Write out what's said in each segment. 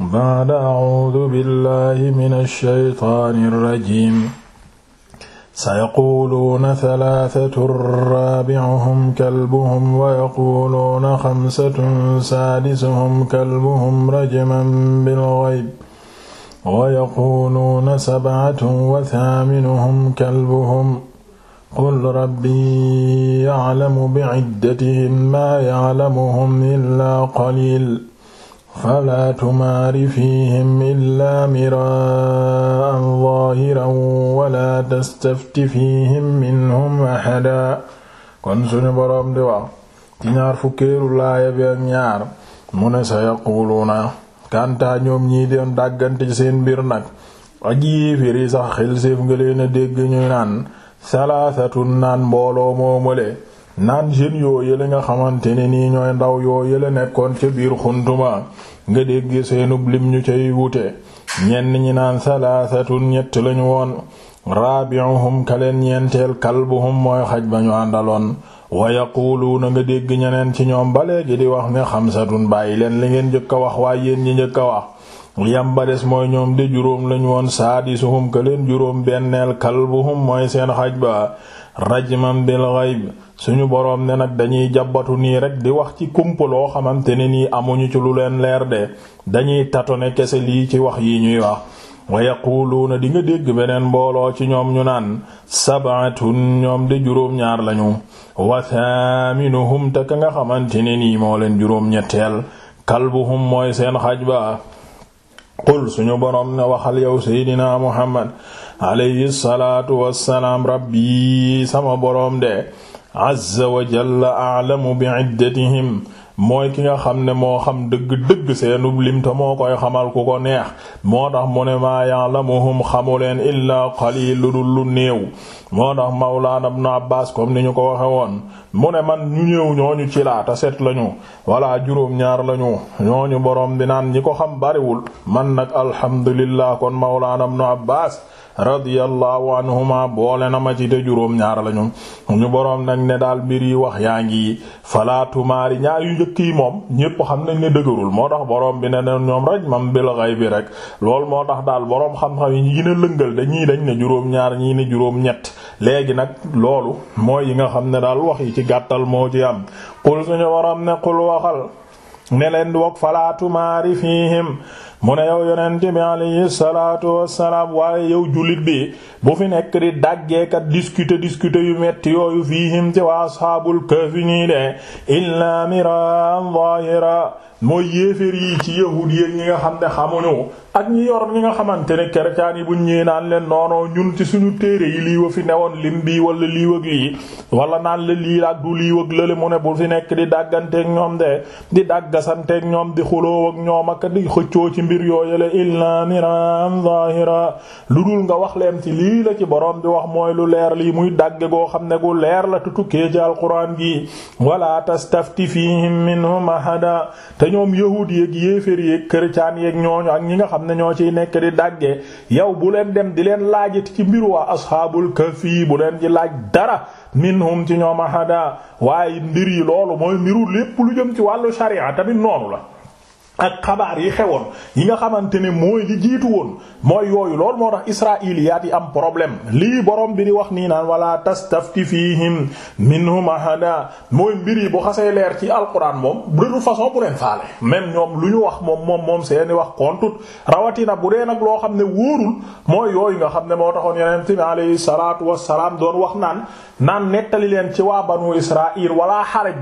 بعد أعوذ بالله من الشيطان الرجيم سيقولون ثلاثة رابعهم كلبهم ويقولون خمسة سادسهم كلبهم رجما بالغيب ويقولون سبعة وثامنهم كلبهم قل ربي يعلم بعدتهم ما يعلمهم إلا قليل falaa tumaari fiihim illaa miraa'an zaahiran walaa tastafti fiihim minhum ahadaa kon suñu boroom di wax ci ñaar fukkeelu bi ak ñaar mu ne ñoom ñii doon dàggante seen mbir nag ak yéeféer sax xel séef nga leen a dégg ñu naan salaasatun naan mbooloo moomale naan jeunes yoo yële nga xamante ne nii ñooy ndaw yoo yële nekkoon ca biir xuntuma nga dégg seenub lim ñu cay wute ñenn ñi naan salaasatun ñett lañu woon raabi'uhum kaleen ñeenteel kalbuhum mooy xaj ba ñu àndaloon wa na nga dégg ñeneen ci ñoom balee gi di wax ne xamsatun bàyyi leen li ngeen njëkk a wax waa yéen ñi njëkk a wax yam ba des mooy ñoom de juróom lañu woon saadisuhum kaleen juróom benneel kalbuhum mooy seen xaj ba rajman bil ghaib suñu boroom ne nag dañuy jàbbatu nii rek di wax ci kumpa loo xamante ne nii amuñu ci lu leen leer de dañuy tatone kese lii ci wax yi ñuy wax wa na di nga dégg beneen mbooloo ci ñoom ñu naan sabatun ñoom de juróom-ñaar lañu wa thaminuhum te ka nga xamante ne nii moo leen juróom-ñetteel kalbuhum mooy seen xaj ba qul suñu boroom ne waxal yow seydinaa muhammad alayhi salaatu wassalaam rabbi sama boroom de azza wa jalla a'lamu bi iddatihim mooy ki nga xam ne moo xam dëgg-dëgg seenub limta moo koy xamal ku ko neex moo tax mu ne maa ya'lamuhum xamuleen illaa qalil lu dul lu néew moo tax mawlaana ibnu Abbaas kom ni ñu ko waxe woon mu ne man ñu ñëw ñooñu ci laata set lañu walla juróom-ñaar lañu ñooñu boroom bi naan ñi ko xam bariwul man nag alhamdulillah kon mawlaana ibnu Abbaas radiyallahu anhuma boole na ma ci te juróom ñaar lañu ñu boroom nag ne daal mbir yi wax yaa ngi falaatumaari ñaar yu njëkk yi moom ñépp xam nañ ne dëgërul moo tax boroom bi ne ne ñoom raj mam bil ghaybi rek lool moo tax daal boroom xam-xam yi ñi gën a lëngal dañii dañ ne juróom ñaar ñii ne juróom ñett léegi nag loolu mooy yi nga xam ne daal wax yi ci gàttal moo ci am qul suñu waram ne qul waxal ne leen wok falaatu maari fiihim mu ne yow yonent bi alayhi salaatu wassalaam waaye yow jullit bi bu fi nekk di daggeekat discuter discuter yu metti fii fiihim ci waa ashaabul kahfi ñii de illaa miraan zaahira mooy yéeféer yi ci yahuud yi nga xam ne xamuñu ak ñi yor ñi nga xamante ne kercaan yi buñ ñëwee naan leen noonoo ñun ci suñu téere yi lii wa fi newoon lim bii wala lii wag lii wala naan la lii ak du lii la lële mu ne bu fi nekk di dàgganteeg ñoom de di dàggasanteeg ñoom di xuloo ak ñoom ak di xëccoo ci mbir yooyale illa miran zahira lu dul nga wax leen ci lii la ci borom bi wax mooy lu leer li muy dàgge goo xam ne gu leer la tutukkee ci alquran gi wala tastafti fihim minhum ahada te ñoom yahudi yeeg yéefér yeeg kercaan yeeg xam ñoo ciy nekk di dàggee yow bu leen dem di leen laajit ci mbir waa asxaabul kahfi bu leen ci laaj dara minhum ci ñoom ahada waaye mbir yi loolu mooy mbiru lépp lu jëm ci wàllu sharia tamit noonu la ak xabaar yi xewoon yi nga xamante ne mooy li jiitu woon mooy yooyu loolu moo tax israiliyaat yi am problème lii borom bi di wax nii naan wala tastafti fihim minhum ahada mooy mbir yi bu xasee leer ci alquran moom de toute façon bu leen faale même ñoom lu ñu wax moom moom moom seeni wax kontut rawatina bu dee nag loo xam ne wóorul mooy yooyu nga xam ne moo taxoon yonent bi alayhi salaatu wassalaam doon wax naan naan nettali leen ci waa banu israil wala xaraj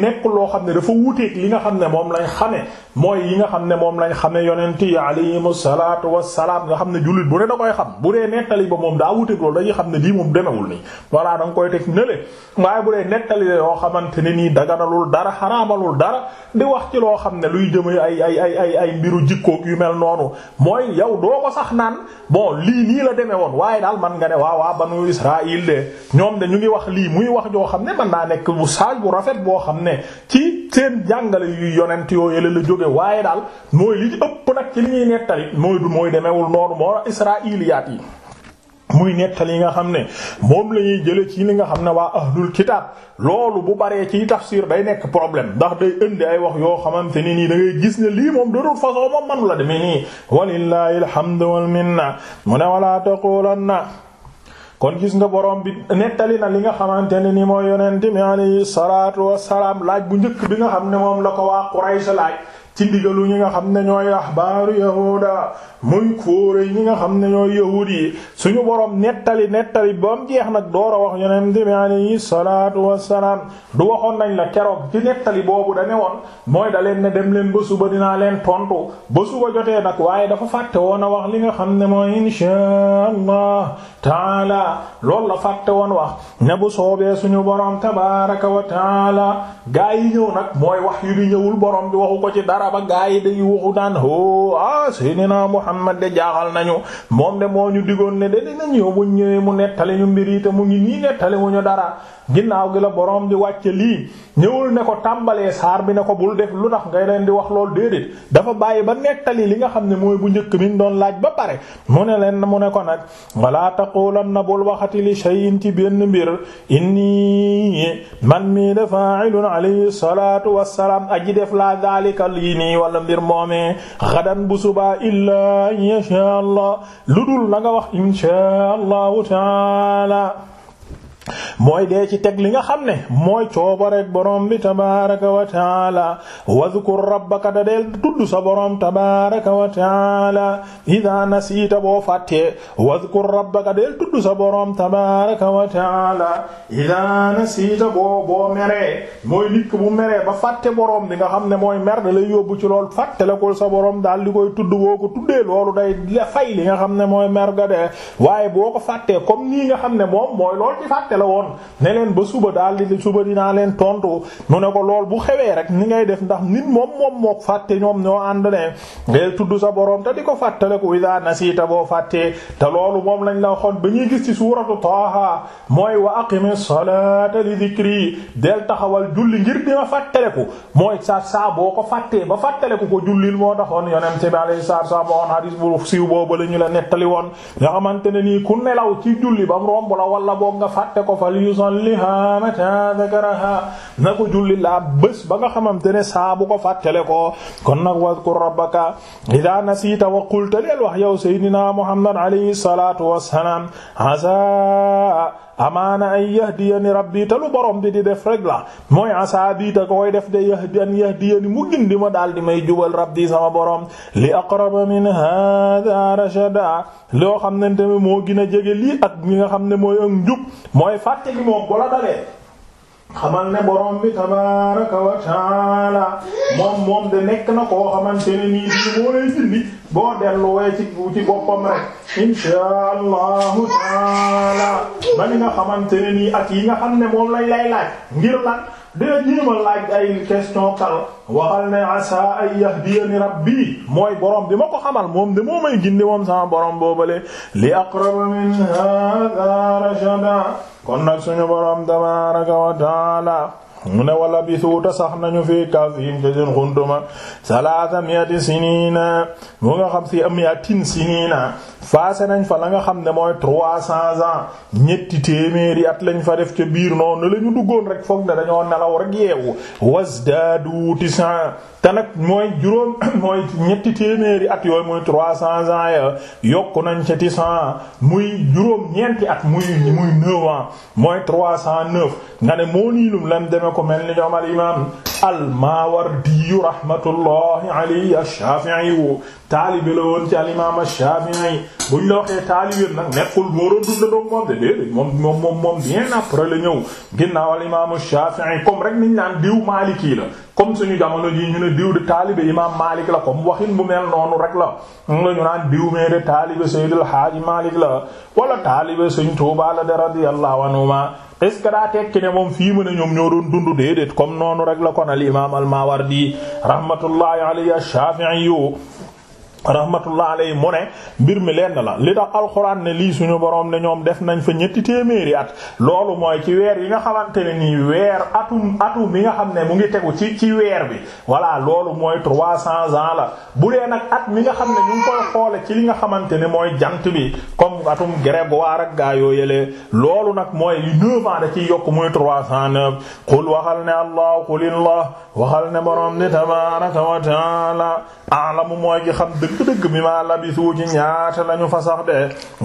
nekk loo xam ne dafa li nga xam ne moom la lay xame mooy xam ne moom lañ xame yonent yi alayhimu salaatu xam ne jullit bu ne da koy xam bu dee nettali ba moom daa ne nii da nga koy teg nële waaye bu dee nettali la yoo xamante ne nii daganalul dara xaraamalul dara di wax ci loo xam ne luy jëm ay ay ay ay ay mbiru jikkoog yu mel noonu mooy yow doo ko sax naan bon lii nii la deme woon waaye daal man nga ne waa waa banu Israël de ñoom de ñu ngi wax lii muy wax joo xam ne mën naa nekk bu saaj bu rafet boo xam ne ci seen jàngale yu yonent yonent yoo yële la jóge waaye daal mooy li ci ëpp nag ci li ñuy nettali mooy du mooy demewul noonu moo la israiliyaat yi muy nettali nga xam ne moom lañuy jële ci li nga xam ne waa ahlul kitaab loolu bu baree ci tafsir day nekk problème ndax day indi ay wax yoo xamante ne nii da ngay gis ne lii moom de toute façon moom manu la demee nii walillahi alhamdu wal mu ne wala taqulanna kon gis nga borom bi nettali na li nga xamante ne ni mooy yonent mi alayhi salaatu wassalaam laaj bu njëkk bi nga xam ne moom la ko waa Quraysh laaj ci ndigalu ñi nga xam ne ñooy ahbaaru yahuda muy kóore ñi nga xam ne ñooy yahud yi suñu borom nettali nettali ba mu jeex nag door a wax yonent bi alayhi salaatu wassalaam du waxoon nañ la keroog ci nettali boobu da ne woon mooy da leen ne dem leen ba suba dinaa leen tontu ba suba jotee nag waaye dafa fàtte woon a wax li nga xam ne mooy inshaa allah taala loolu la fàtte woon wax ne bu soobee suñu borom tabaaraka wa taala gaa yi ñëw nag mooy wax yu bi ñëwul borom kaaba gaa yi day waxu naan ho ah seydina Muhammad de jaaxal nañu moom de moo ñu digoon ne de dinañ ñëw bu ñëwee mu nettali ñu mbir yi te mu ngi nii nettali mu ñu dara ginnaaw gi la borom di wàcce lii ñëwul ne ko tàmbalee saar bi ne ko bul def lu tax ngay leen di wax lool déedéet dafa bàyyi ba nettali li nga xam ne mooy bu njëkk min doon laaj ba pare mu ne leen mu ne ko nag wala taqulanna bul waxati li shay'in ci benn mbir inni man mii de fa'ilun alayhi salaatu wassalaam aji def la daalika lii nii wala mbir moomee xadan bu subaa illaa insha allah lu dul la nga wax insha allahu taala mooy dee ci teg li nga xam ne mooy coobareek borom bi tabaaraka wa taala wadhkur rabbaka da deel tudd sa borom tabaaraka wa taala idaa bo boo fàttee wadhkur rabbaka deel tudd sa borom tabaaraka wa taala idaa nasiita boo boo meree mooy nit bu meree ba fàtte borom bi nga xam ne mooy mer da lay yóbbu ci lool fàtte la ko sa borom daal di koy tudd boo ko tuddee loolu day fay li nga xam ne mooy mer ga dee waaye boo ko fàttee comme nii nga xam ne moom mooy la woon ne leen ba suba daal di suba dinaa leen tontu mu ne ko lool bu xewee rek ni ngay def ndax nit moom moom mook fàtte ñoom ñoo ànd ne ngay tudd sa borom te di ko fàttaleku idaa nasiita boo fàttee te loolu moom lañ la waxoon ba ñuy gis ci suuratu Taaha mooy wa aqimi salaata li dikri del taxawal julli ngir dima fàttaleku mooy sa saa boo ko fàttee ba fàttaleku ko jullil moo taxoon yonent bi alayhi salaatu wa salaam hadis bu siiw boobu la ñu la nettali woon fàtte ko fal yusalliha mata dhakaraha na ko julli laa bés ba nga xamante ne saa bu ko fàttale ko kon nag wadhkur rabbaka idha nasita wa qulta leel wax yow sayyidina muhammad alayhi salatu wassalam asa amaana ay yahdiyani rabbi te lu borom bi di def rek la mooy asaa bii te def de yahdi an yahdiyani mu gindi ma daal di may jubal rabbi sama borom li aqraba min hada rashada loo xam ne tamit moo gën a jege li ak mi nga xam ne mooy ak njub mooy fàtte gi moom bu la xamal ne borom bi tabaaraka wa taala moom de nekk na koo xamante ne nii bii moo lay dindi boo delluwee ci ci boppam rek inshaa allahu taala ba ni nga xamante ne nii ak yi nga xam ne moom lañ lay laaj ngir lan dina jéema laaj ay question kal waxal ne asa ay yahdiyani rabbi mooy borom bi ma ko xamal moom de moo may gindi moom sama borom boobale li aqrab min hada rashada kon nag suñu borom tabaraka wa taala mu ne wala bisuuta sax nañu fii kaf yim ca seen xuntuma salaasa miati siniina mu nga xam si miatin siniina faase nañ fa la nga xam ne mooy trois cents ans ñetti téeméeri at lañ fa def ca biir noonu la duggoon rek foog ne dañoo nelaw rek yeewu wasdaadu tisan te nag mooy juróom mooy ñetti téeméeri at yooyu mooy trois cents ans ya yokk nañ ca tisan muy juróom ñeenti at muy muy neuf ans mooy trois cent neuf nga ne moo niilum lan deme na ko mel ni ñoom al imaam al-Maawardi rahmatullahi alayhi ash-Shaafi'i wu taalibe la woon ci al imaam ash-Shaafi'i buñ la waxee taalibe nag nekkul moo doon dund doog moom de déedéet moom moom moom moom bien après la ñëw ginnaaw al imaam ash-Shaafi'i comme rek niñ naan diw Maliki la comme suñu jamono ji ñu ne diw de taalibe imaam Maalik la comme waxin bu mel noonu ñu naan diw mee de taalibe Seydil Haaji Maalik la wala taalibe Sëriñ Tuubaa la de radiyallahu anhuma est ce que daa moom fii mu ne ñoom ñoo doon dund comme noonu rek la kon al imaam al Mawardi rahmatullahi alayhi ash-Shafi'i rahmatullah alayhi mu ne mbir mi lenn la li tax alxuraan ne lii suñu borom ne ñoom def nañ fa ñetti téeméeri at loolu mooy ci weer yi nga xamante ne nii weer atum atum bi nga xam ne mu ngi tegu ci ci weer bi voilà loolu mooy trois cents ans la bu dee nag at mi nga xam ne ñu ngi koy xoole ci li nga xamante ne mooy jant bi comme atum grégoire ak gaa yoo yëlee loolu nag mooy neuf ans da ciy yokk muy trois cent neuf xul waxal ne allah xulillah waxal ne wa taala alamu mooy gi dëgg-dëgg bi maa labisu ci ñaata lañu fa sax de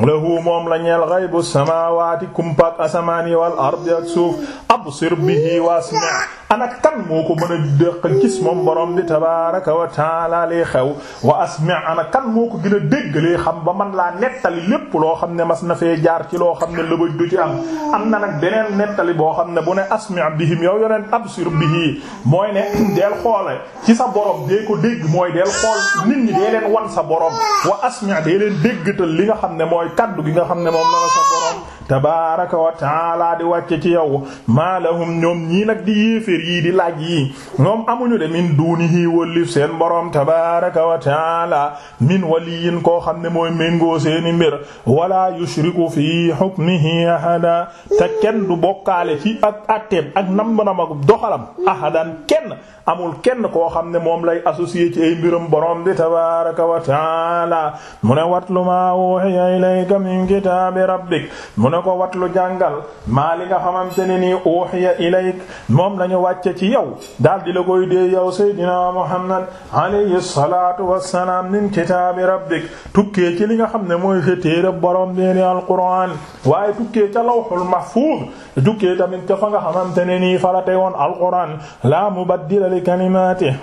lahu moom la ñeel ghaybu samaawaati kumpak asamaan yi wal ardi ak suuf absir bihi wasma ana kan moo ko mën a dëq gis moom borom di tabaaraka wa taala lay xew wa asmi ana kan moo ko gën a dégg lay ba man laa nettali lépp loo xam ne mas na fee jaar ci loo xam ne la du ci am am na nag beneen nettali boo xam ne bu ne asmi bihim yow yoneen absir bihi mooy ne deel xoole ci sa borom dee ko dégg mooy deel xool nit ñi dee leen wan sa borom wa asmi dee leen déggtal li nga xam ne mooy kaddu gi nga xam ne moom la sa borom tabaaraka wa taala di wàcce ci yow maa lahum ñoom ñii nag di yéeféer yii di laaj yii ñoom amuñu de min duunihi wëllif seen boroom tabaaraka wa taala min waliyin koo xam ne mooy méngoo seeni mbir wala yushriku fi hukmihi ahada te kenn du bokkaale ci ak atteem ak nam-nam ak doxalam ahadan kenn amul kenn koo xam ne moom lay associé ci ay mbiram boroom di tabaaraka wa taala mu ne watlu maa wuhiya ilayka min kitaabi rabbik ne ko watlu jàngal maa li nga xamante ne nii uhiya ilayk moom lañu wàcce ci yow daal di la koy dee yow seydina muhammad alayhi salaatu wassalaam min kitaabi rabbik tukkee ci li nga xam ne mooy téere borom deeni alquran waaye tukkee ca lawhul mahfuuz tukkee tamit ca fa nga xamante ne nii fala teyoon alquran la mubaddila li kalimaatihi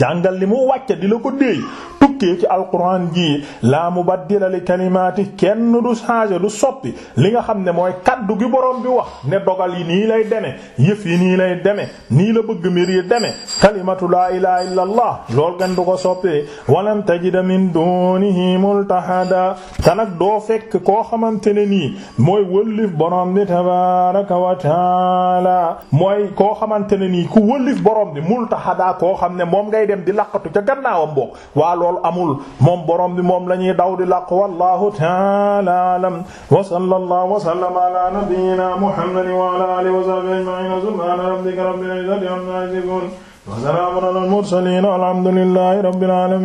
jàngal li mu wàcce di ko déey tukkee ci alquran ji laa mubaddila li kalimaati kenn du changer du soppi li nga xam ne mooy kaddu gi borom bi wax ne dogal yi nii lay deme yëf yi nii lay deme nii la bëgg mbir yi deme kalimatu laa ilaha illa allah lool kenn du ko soppee walam tajida min dunihi multahada te nag doo fekk koo xamante ne nii mooy wëllif borom bi tabaraka wa taala mooy koo xamante ne nii ku wëllif borom bi multahada koo xam ne moom ngay dem di laqatu ca gannaawam boog loolu amul moom borom bi moom la ñuy daw di laq wallahu ta'ala a'lam wa sallallahu wa sallama ala nabiyyina muhammadin wa ala alihi wa sahbihi ajma'in subhana rabbika rabbil izzati amma yasifun wa salamun ala al mursalin walhamdulillahi rabbil alamin